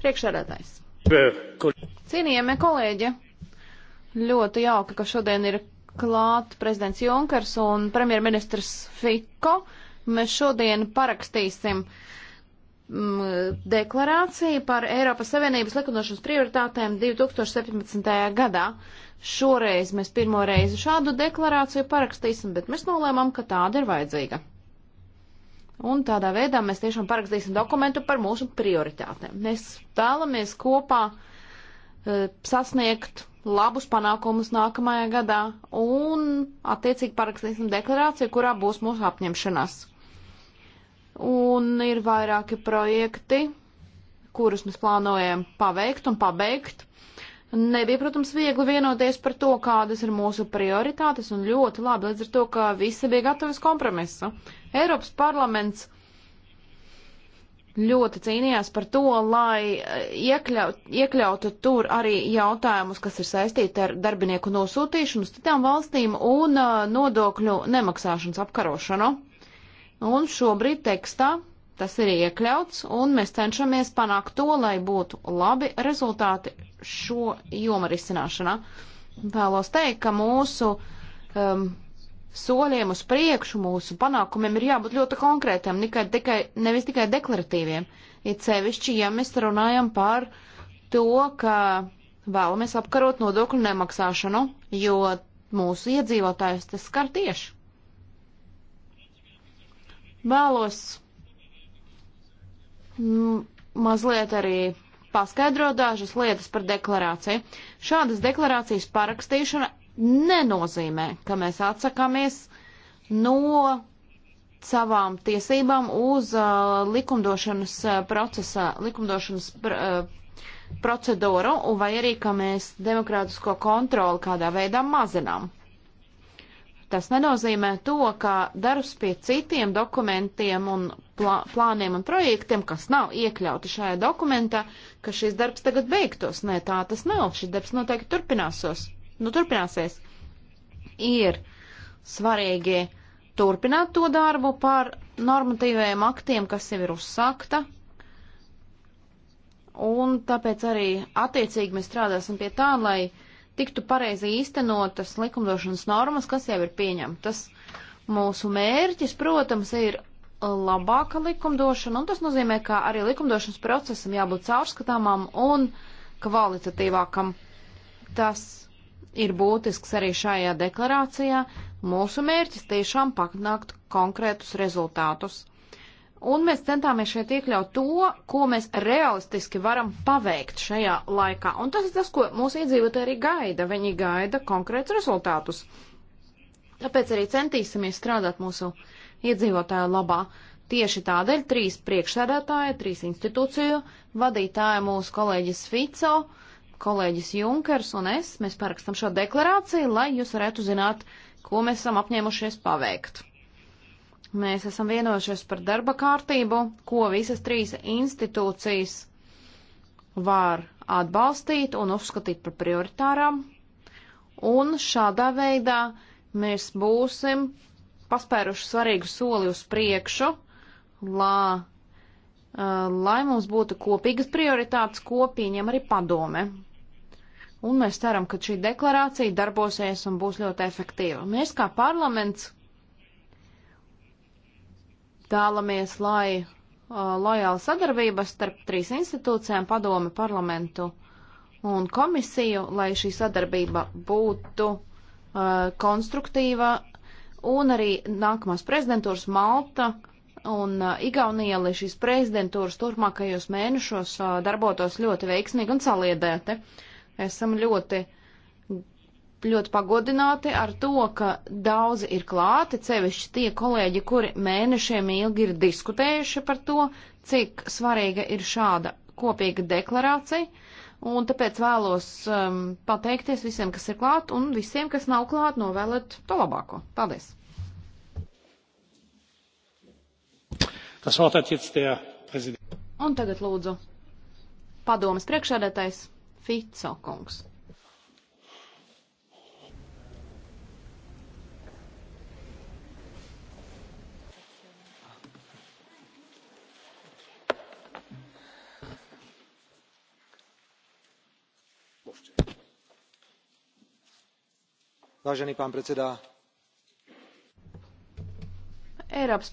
Priekšsēdētājs. Cienījamie kolēģi, ļoti jauka, ka šodien ir klāt prezidents Junkers un premjerministrs Fiko. Mēs šodien parakstīsim mm, deklarāciju par Eiropas Savienības likumdošanas prioritātēm 2017. gadā. Šoreiz mēs pirmo reizi šādu deklarāciju parakstīsim, bet mēs nolēmām, ka tāda ir vajadzīga. Un tādā veidā mēs tiešām parakstīsim dokumentu par mūsu prioritātēm. Mēs vēlamies kopā e, sasniegt labus panākumus nākamajā gadā un attiecīgi parakstīsim deklarāciju, kurā būs mūsu apņemšanās. Un ir vairāki projekti, kurus mēs plānojam paveikt un pabeigt Nebija, protams, viegli vienoties par to, kādas ir mūsu prioritātes, un ļoti labi līdz ar to, ka visi bija gatavi kompromisu. Eiropas parlaments ļoti cīnījās par to, lai e, iekļaut, iekļautu tur arī jautājumus, kas ir saistīti ar darbinieku nosūtīšanu uz citām valstīm un e, nodokļu nemaksāšanas apkarošanu. Un šobrīd tekstā tas ir iekļauts, un mēs cenšamies panākt to, lai būtu labi rezultāti šo jomu risināšanā. Vēlos teikt, ka mūsu um, soļiem uz priekšu, mūsu panākumiem ir jābūt ļoti konkrētiem, tikai, tikai, nevis tikai deklaratīviem. Ir sevišķi, ja mēs runājam par to, ka vēlamies apkarot nodokļu nemaksāšanu, jo mūsu iedzīvotājus tas skar tieši. Vēlos mazliet arī paskaidro dažas lietas par deklarāciju. Šādas deklarācijas parakstīšana nenozīmē, ka mēs atsakāmies no savām tiesībām uz uh, likumdošanas uh, procesā, likumdošanas pr uh, procedūru, vai arī, ka mēs demokrātisko kontroli kādā veidā mazinām. Tas nenozīmē to, ka darbs pie citiem dokumentiem un plā, plāniem un projektiem, kas nav iekļauti šajā dokumentā, ka šis darbs tagad beigtos. Nē, tā tas nav. Šis darbs noteikti turpināsos. Nu, turpināsies. Ir svarīgi turpināt to darbu par normatīvajiem aktiem, kas jau ir uzsākta. Un tāpēc arī attiecīgi mēs strādāsim pie tā, lai tiktu pareizi īstenotas likumdošanas normas, kas jau ir pieņemtas. Mūsu mērķis, protams, ir labāka likumdošana, un tas nozīmē, ka arī likumdošanas procesam jābūt caurskatāmam un kvalitatīvākam. Tas ir būtisks arī šajā deklarācijā. Mūsu mērķis tiešām panākt konkrētus rezultātus un mēs centāmies šeit iekļaut to, ko mēs realistiski varam paveikt šajā laikā. Un tas ir tas, ko mūsu iedzīvotāji arī gaida. Viņi gaida konkrēts rezultātus. Tāpēc arī centīsimies strādāt mūsu iedzīvotāju labā. Tieši tādēļ trīs priekšsēdētāji, trīs institūciju vadītāji, mūsu kolēģis Fico, kolēģis Junkers un es, mēs parakstam šo deklarāciju, lai jūs varētu zināt, ko mēs esam apņēmušies paveikt. Mēs esam vienojušies par darba kārtību, ko visas trīs institūcijas var atbalstīt un uzskatīt par prioritārām. Un šādā veidā mēs būsim paspēruši svarīgu soli uz priekšu, lā, uh, lai mums būtu kopīgas prioritātes, ko pieņem arī padome. Un mēs ceram, ka šī deklarācija darbosies un būs ļoti efektīva. Mēs kā parlaments Tālamies, lai uh, lojāla sadarbība starp trīs institūcijām, padomi, parlamentu un komisiju, lai šī sadarbība būtu uh, konstruktīva un arī nākamās prezidentūras Malta un uh, Igaunija, lai šīs prezidentūras turpmākajos mēnešos uh, darbotos ļoti veiksmīgi un saliedēti. Esam ļoti uh, ļoti pagodināti ar to, ka daudzi ir klāti, cevišķi tie kolēģi, kuri mēnešiem ilgi ir diskutējuši par to, cik svarīga ir šāda kopīga deklarācija. Un tāpēc vēlos um, pateikties visiem, kas ir klāt, un visiem, kas nav klāt, novēlēt to labāko. Paldies! Tas vēl tāds ir tie prezidents. Un tagad lūdzu padomas priekšsēdētājs Fico kungs. vážený pán predseda európsky parlament